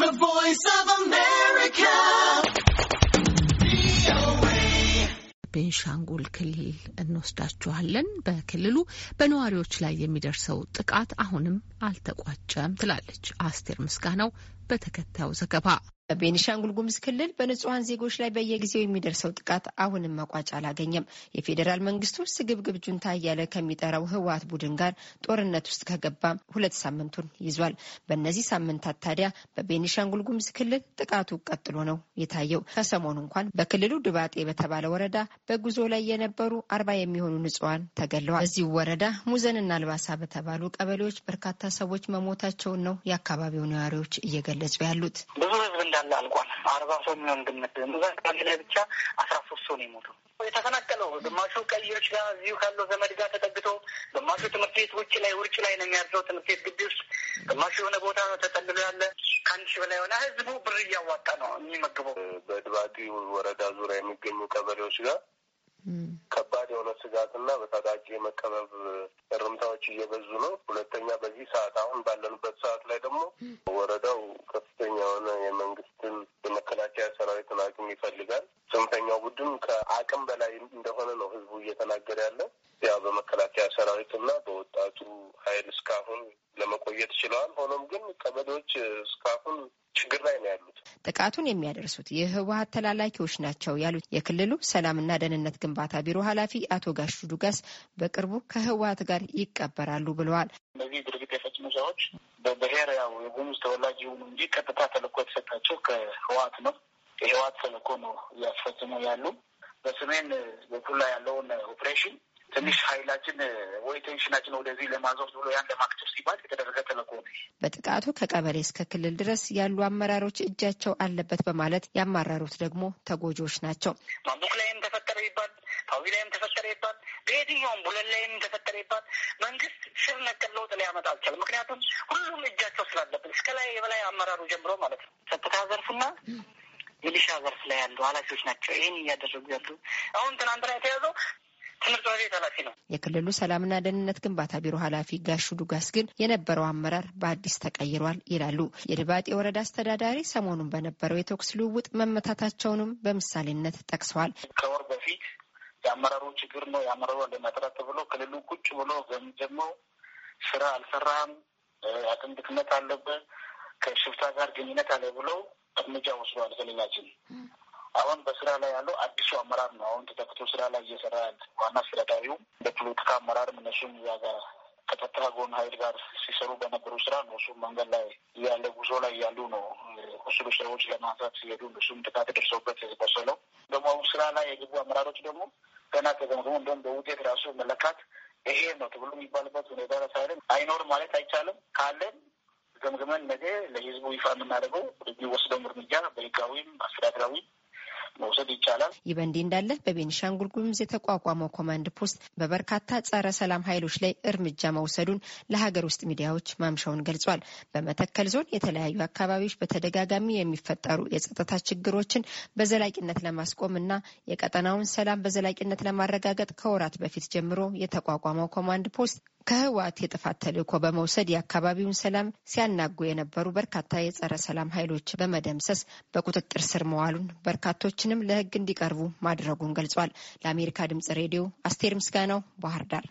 The Voice of America. ቤንሻንጉል ክልል እንወስዳችኋለን። በክልሉ በነዋሪዎች ላይ የሚደርሰው ጥቃት አሁንም አልተቋጨም ትላለች አስቴር ምስጋናው በተከታዩ ዘገባ በቤኒሻንጉል ጉምዝ ክልል በንጹሐን ዜጎች ላይ በየጊዜው የሚደርሰው ጥቃት አሁንም መቋጫ አላገኘም። የፌዴራል መንግስቱ ስግብግብ ጁንታ እያለ ከሚጠራው ህወሀት ቡድን ጋር ጦርነት ውስጥ ከገባ ሁለት ሳምንቱን ይዟል። በእነዚህ ሳምንታት ታዲያ በቤኒሻንጉል ጉምዝ ክልል ጥቃቱ ቀጥሎ ነው የታየው። ከሰሞኑ እንኳን በክልሉ ድባጤ በተባለ ወረዳ በጉዞ ላይ የነበሩ አርባ የሚሆኑ ንጹሐን ተገለዋል። በዚሁ ወረዳ ሙዘንና አልባሳ በተባሉ ቀበሌዎች በርካታ ሰዎች መሞታቸውን ነው የአካባቢው ነዋሪዎች እየገለጹ ያሉት። እንዳለ አልቋል። አርባ ሰው የሚሆን ግምት እዛ አካባቢ ላይ ብቻ አስራ ሶስት ሰው ነው የሞተው። የተፈናቀለው ግማሹ ቀይሮች ጋር እዚሁ ካለው ዘመድ ጋር ተጠግቶ፣ ግማሹ ትምህርት ቤት ውጭ ላይ ውርጭ ላይ ነው የሚያድረው ትምህርት ቤት ግቢ ውስጥ፣ ግማሹ የሆነ ቦታ ነው ተጠልሎ ያለ። ከአንድ ሺህ በላይ የሆነ ህዝቡ ብር እያዋጣ ነው የሚመግበው። በድባቲ ወረዳ ዙሪያ የሚገኙ ቀበሌዎች ጋር ከባድ የሆነ ስጋትና በታጣቂ የመከበብ እርምታዎች እየበዙ ነው። ሁለተኛ በዚህ ሰዓት አሁን ባለንበት ሰዓት ላይ ደግሞ ወረዳው ከፍተኛ የሆነ ይፈልጋል። ጽንፈኛው ቡድን ከአቅም በላይ እንደሆነ ነው ህዝቡ እየተናገረ ያለ። ያ በመከላከያ ሰራዊትና በወጣቱ ኃይል እስካሁን ለመቆየት ችለዋል። ሆኖም ግን ቀበሌዎች እስካሁን ችግር ላይ ነው ያሉት። ጥቃቱን የሚያደርሱት የህወሀት ተላላኪዎች ናቸው ያሉት የክልሉ ሰላምና ደህንነት ግንባታ ቢሮ ኃላፊ አቶ ጋሹ ዱጋስ በቅርቡ ከህወሀት ጋር ይቀበራሉ ብለዋል። እነዚህ ድርጊት የፈጽሙ ሰዎች በብሔር ያው የጉሙዝ ተወላጅ ይሁኑ እንጂ ቀጥታ ተልእኮ የተሰጣቸው ከህወሀት ነው። የህወሓት ተልዕኮ ነው እያስፈጽሙ ያሉ። በሰሜን በኩል ላይ ያለውን ኦፕሬሽን ትንሽ ኃይላችን ወይ ቴንሽናችን ወደዚህ ለማዞር ብሎ ያን ለማክቸር ሲባል የተደረገ ተልዕኮ ነው። በጥቃቱ ከቀበሌ እስከ ክልል ድረስ ያሉ አመራሮች እጃቸው አለበት በማለት ያማረሩት ደግሞ ተጎጂዎች ናቸው። ማሙክ ላይም ተፈጠረ ይባል፣ ታዊ ላይም ተፈጠረ ይባል፣ በየትኛውም ቡለን ላይም ተፈጠረ ይባል መንግስት ስር ነቀል ለውጥ ሊያመጣ አልቻለም። ምክንያቱም ሁሉም እጃቸው ስላለበት እስከ ላይ የበላይ አመራሩ ጀምሮ ማለት ነው ጸጥታ ዘርፍና ሚሊሻ ዘርፍ ላይ ያሉ ኃላፊዎች ናቸው ይህን እያደረጉ ያሉ። አሁን ትናንትና የተያዘው ትምህርት ቤት ኃላፊ ነው። የክልሉ ሰላምና ደህንነት ግንባታ ቢሮ ኃላፊ ጋሹ ዱጋስ ግን የነበረው አመራር በአዲስ ተቀይሯል ይላሉ። የድባጤ ወረዳ አስተዳዳሪ ሰሞኑን በነበረው የተኩስ ልውውጥ መመታታቸውንም በምሳሌነት ጠቅሰዋል። ከወር በፊት የአመራሩ ችግር ነው የአመራሩ ለመጥራት ተብሎ ክልሉ ቁጭ ብሎ ገምገሞ ስራ አልሰራም፣ አቅም ድክመት አለበት፣ ከሽፍታ ጋር ግንኙነት አለ ብለው እርምጃ ወስዷል ክልላችን። አሁን በስራ ላይ ያለው አዲሱ አመራር ነው። አሁን ተተክቶ ስራ ላይ እየሰራ ያለ ዋና አስተዳዳሪው በፖለቲካ አመራርም እነሱም እዛ ጋር ከጸጥታ ጎን ኃይል ጋር ሲሰሩ በነበሩ ስራ ነው። እሱም መንገድ ላይ እያለ ጉዞ ላይ ያሉ ነው ቁስሉ ሰዎች ለማንሳት ሲሄዱ እሱም ጥቃት ደርሰውበት ቆሰለው። ደግሞ አሁን ስራ ላይ የግቡ አመራሮች ደግሞ ገና ተገምግሞ እንደውም በውጤት ራሱ መለካት ይሄ ነው ተብሎ የሚባልበት ሁኔታ ሳይለን አይኖርም ማለት አይቻልም። ካለን ገምግመን ነገ ለህዝቡ ይፋ የምናደርገው የሚወስደውም እርምጃ በህጋዊም አስተዳደራዊም መውሰድ ይቻላል። ይህ በእንዲህ እንዳለ በቤኒሻንጉል ጉሙዝ የተቋቋመው ኮማንድ ፖስት በበርካታ ጸረ ሰላም ኃይሎች ላይ እርምጃ መውሰዱን ለሀገር ውስጥ ሚዲያዎች ማምሻውን ገልጿል። በመተከል ዞን የተለያዩ አካባቢዎች በተደጋጋሚ የሚፈጠሩ የጸጥታ ችግሮችን በዘላቂነት ለማስቆም እና የቀጠናውን ሰላም በዘላቂነት ለማረጋገጥ ከወራት በፊት ጀምሮ የተቋቋመው ኮማንድ ፖስት ከህወሓት የጥፋት ተልዕኮ በመውሰድ የአካባቢውን ሰላም ሲያናጉ የነበሩ በርካታ የጸረ ሰላም ኃይሎች በመደምሰስ በቁጥጥር ስር መዋሉን በርካቶችንም ለህግ እንዲቀርቡ ማድረጉን ገልጿል። ለአሜሪካ ድምጽ ሬዲዮ አስቴር ምስጋናው ባህር ዳር